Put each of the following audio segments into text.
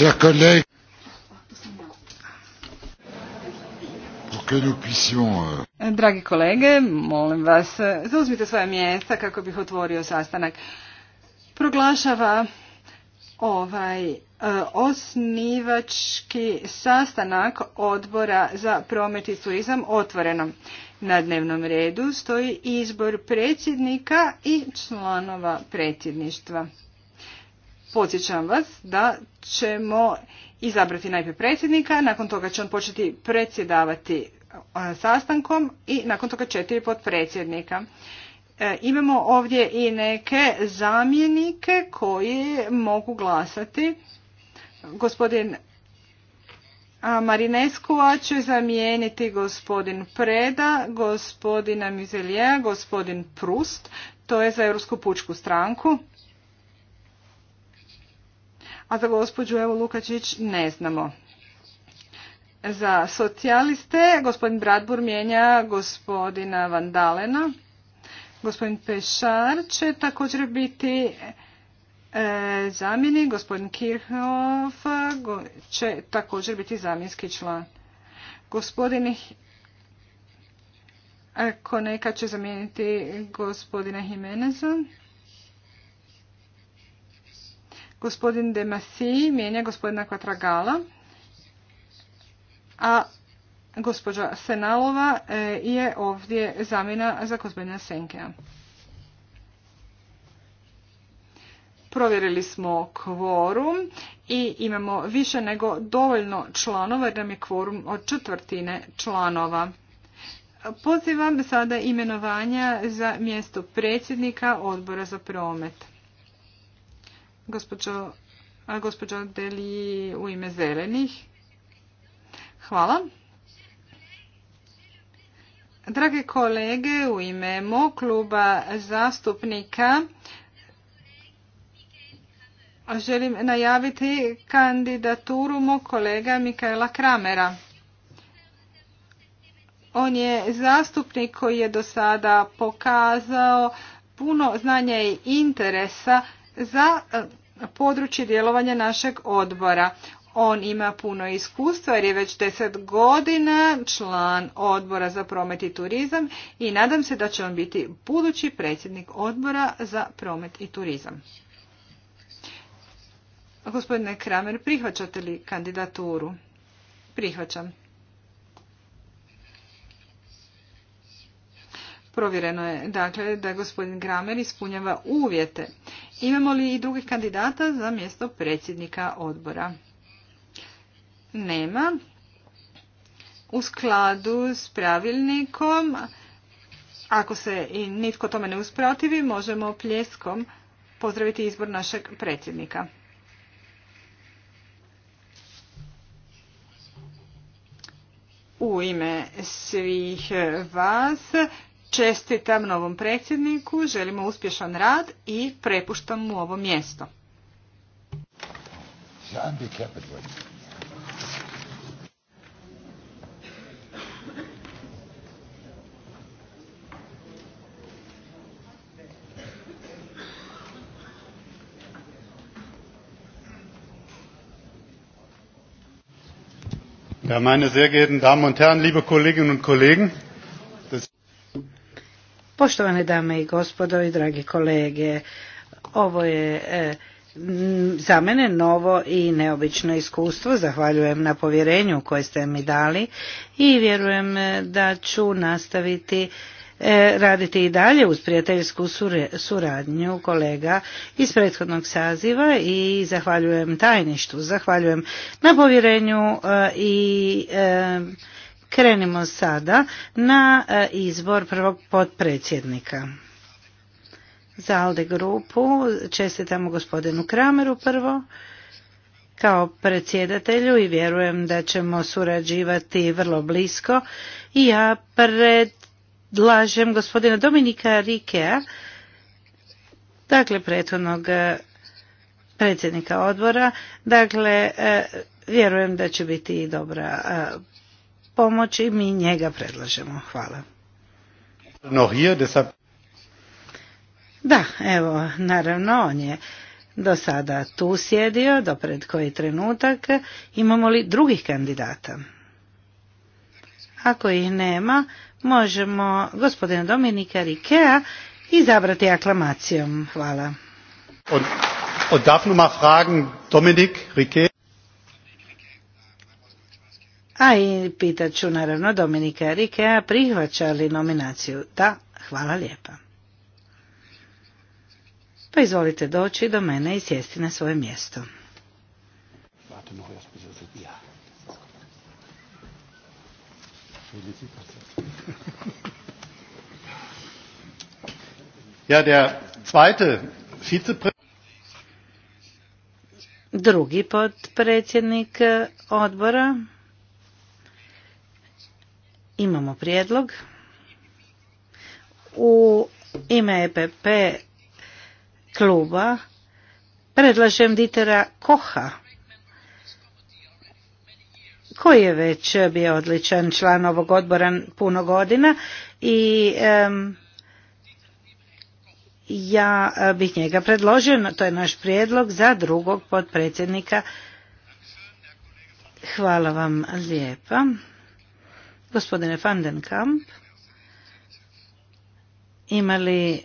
Chers euh, Dragi kolege, molim vas, zauzmite svoje mjesta kako bih otvorio sastanak. Proglašava ovaj eh, osnivački sastanak odbora za promet i turizam otvoreno Na dnevnom redu stoji izbor predsjednika i članova predsjedništva. Podsjećam vas da ćemo izabrati najprije predsjednika, nakon toga će on početi predsjedavati e, sastankom i nakon toga četiri potpredsjednika. E, imamo ovdje i neke zamjenike koji mogu glasati. Gospodin Marineskova će zamijeniti gospodin Preda, gospodina Mizelija, gospodin Prust, to je za Europsku pučku stranku a za gospođu Evo Lukačić ne znamo. Za socijaliste gospodin Bradbur mijenja gospodina Vandalena. Gospodin Pešar će također biti e, zamjeni. Gospodin Kirchhoff će također biti zamjenski član. Gospodin e, Koneka će zamijeniti gospodina Jimeneza. Gospodin Demasi mijenja gospodina Quatragala, a gospođa Senalova e, je ovdje zamjena za gospodina Senkea. Provjerili smo kvorum i imamo više nego dovoljno članova jer nam je kvorum od četvrtine članova. Pozivam sada imenovanja za mjesto predsjednika odbora za promet. Gospođo, Deli u ime zelenih. Hvala. Drage kolege, u ime mog kluba zastupnika želim najaviti kandidaturu mog kolega Mikaela Kramera. On je zastupnik koji je do sada pokazao puno znanja i interesa za e, područje djelovanja našeg odbora. On ima puno iskustva jer je već deset godina član odbora za promet i turizam i nadam se da će on biti budući predsjednik odbora za promet i turizam. Gospodine Kramer, prihvaćate li kandidaturu? Prihvaćam. Provjereno je dakle da gospodin Kramer ispunjava uvjete Imamo li i drugih kandidata za mjesto predsjednika odbora? Nema. U skladu s pravilnikom, ako se i nitko tome ne usprotivi, možemo pljeskom pozdraviti izbor našeg predsjednika. U ime svih vas Čestitam novom predsjedniku, želimo uspješan rad i prepuštam mu ovo mjesto. meine sehr geehrten Damen und Herren, liebe Kolleginnen und Kollegen, Poštovane dame i gospodo i dragi kolege, ovo je e, za mene novo i neobično iskustvo. Zahvaljujem na povjerenju koje ste mi dali i vjerujem e, da ću nastaviti e, raditi i dalje uz prijateljsku suradnju kolega iz prethodnog saziva i zahvaljujem tajništu, zahvaljujem na povjerenju i Krenimo sada na e, izbor prvog potpredsjednika. Za Alde grupu čestitamo gospodinu Krameru prvo kao predsjedatelju i vjerujem da ćemo surađivati vrlo blisko i ja predlažem gospodina Dominika Rikea, dakle prethodnog e, predsjednika odbora, dakle e, vjerujem da će biti dobra pomoći, mi njega predlažemo. Hvala. No, hier, deshalb... Da, evo, naravno, on je do sada tu sjedio, do pred koji trenutak. Imamo li drugih kandidata? Ako ih nema, možemo gospodina Dominika Rikea izabrati aklamacijom. Hvala. Und, und darf nur fragen, Dominik Rikea? A i pitat ću naravno Dominika Rikea prihvaća li nominaciju. Da, hvala lijepa. Pa izvolite doći do mene i sjesti na svoje mjesto. Ja, der zweite Drugi podpredsjednik odbora prijedlog. U ime EPP kluba predlažem Ditera Koha koji je već bio odličan član ovog odbora puno godina i ja bih njega predložio, to je naš prijedlog za drugog potpredsjednika. Hvala vam lijepa. Gospodine Van den Kamp, ima li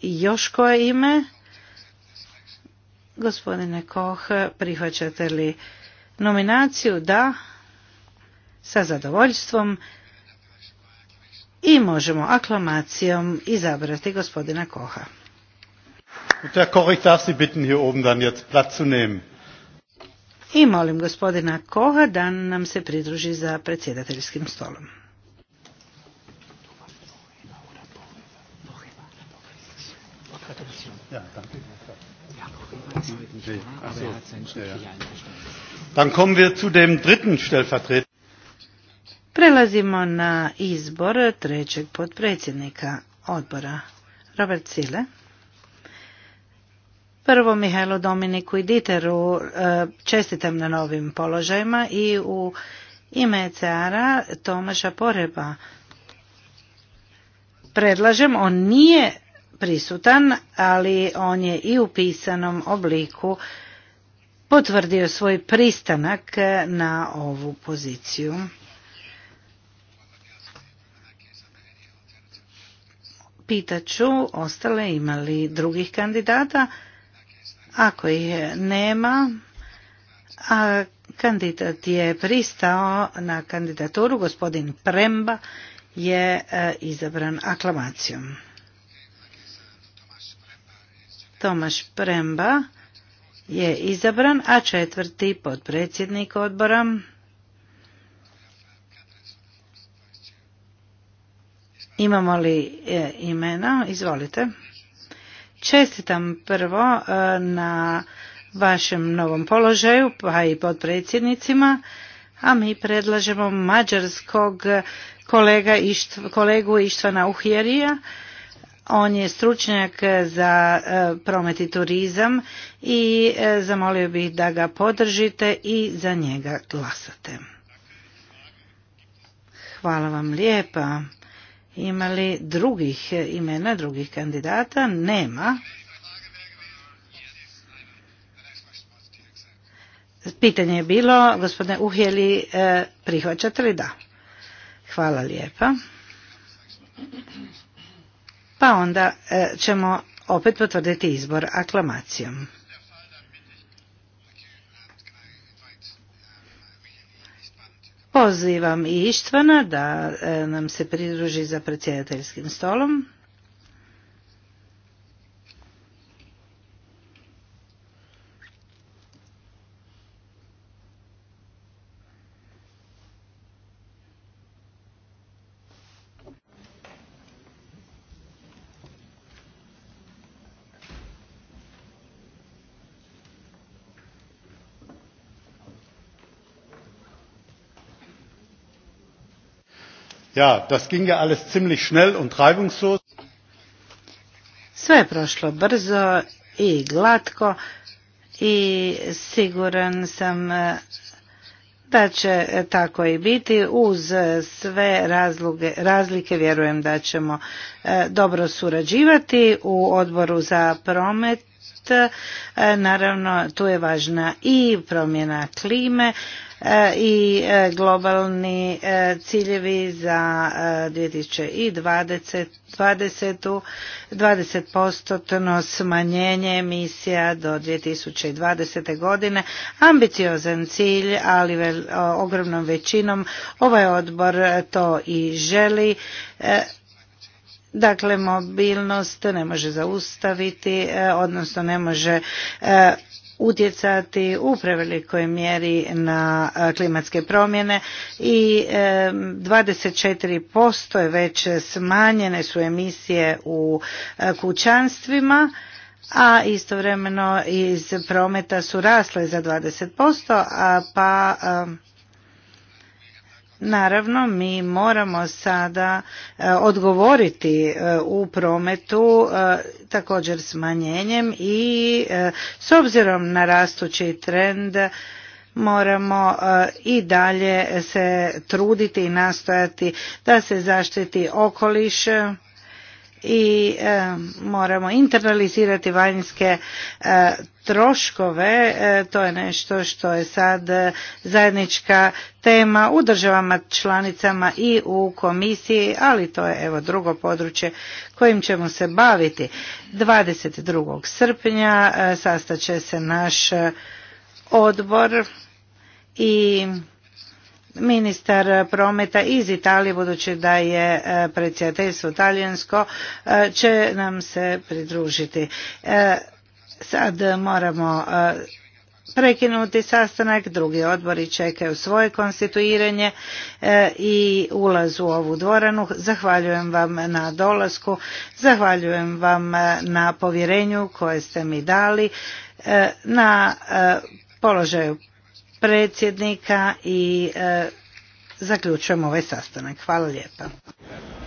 još koje ime? Gospodine Koh, prihvaćate li nominaciju? Da, sa zadovoljstvom i možemo aklamacijom izabrati gospodina Koha. Gospodine Koch, ich darf Sie bitten, hier oben dann jetzt Platz nehmen i molim gospodina Koha da nam se pridruži za predsjedateljskim stolom. Prelazimo na izbor trećeg potpredsjednika odbora. Robert Sile. Prvo Mihajlo Dominiku i Diteru e, čestitam na novim položajima i u ime ecr Tomaša Poreba predlažem, on nije prisutan, ali on je i u pisanom obliku potvrdio svoj pristanak na ovu poziciju. Pitaću ostale imali drugih kandidata. Ako ih nema, a kandidat je pristao na kandidaturu, gospodin Premba je e, izabran aklamacijom. Tomaš Premba je izabran, a četvrti podpredsjednik odbora Imamo li e, imena? Izvolite. Čestitam prvo e, na vašem novom položaju, pa i podpredsjednicima, a mi predlažemo mađarskog kolega kolegu Ištvana Uhjerija. On je stručnjak za e, promet i turizam i e, zamolio bih da ga podržite i za njega glasate. Hvala vam lijepa. Ima li drugih imena, drugih kandidata? Nema. Pitanje je bilo, gospodine Uhjeli, eh, prihvaćate li da? Hvala lijepa. Pa onda eh, ćemo opet potvrditi izbor aklamacijom. Pozivam i Ištvana da e, nam se pridruži za predsjedateljskim stolom. Ja, das ging alles ziemlich schnell und reibungslos. Sve je prošlo brzo i glatko i siguran sam eh, da će eh, tako i biti. Uz eh, sve razlike vjerujem da ćemo dobro surađivati u odboru za promet. Naravno, tu je važna i promjena klime E, i e, globalni e, ciljevi za 2020 20, postotno smanjenje emisija do 2020. godine. Ambiciozan cilj, ali ogromnom većinom ovaj odbor to i želi. Dakle, mobilnost ne može zaustaviti, odnosno ne može utjecati u prevelikoj mjeri na e, klimatske promjene i 24% e, je već smanjene su emisije u e, kućanstvima a istovremeno iz prometa su rasle za 20%, a pa Naravno, mi moramo sada e, odgovoriti e, u prometu e, također smanjenjem i s obzirom na rastući trend moramo i dalje se truditi i nastojati da se zaštiti okoliš i e, moramo internalizirati vanjske e, troškove e, to je nešto što je sad zajednička tema u državama članicama i u komisiji ali to je evo drugo područje kojim ćemo se baviti 22. srpnja sastaće se naš odbor i ministar prometa iz Italije, budući da je e, predsjedateljstvo talijansko, e, će nam se pridružiti. E, sad moramo prekinuti sastanak, drugi odbori čekaju svoje konstituiranje i ulaz u ovu dvoranu. Zahvaljujem vam na dolasku, zahvaljujem vam na povjerenju koje ste mi dali na položaju predsjednika i e, zaključujem ovaj sastanak. Hvala lijepa.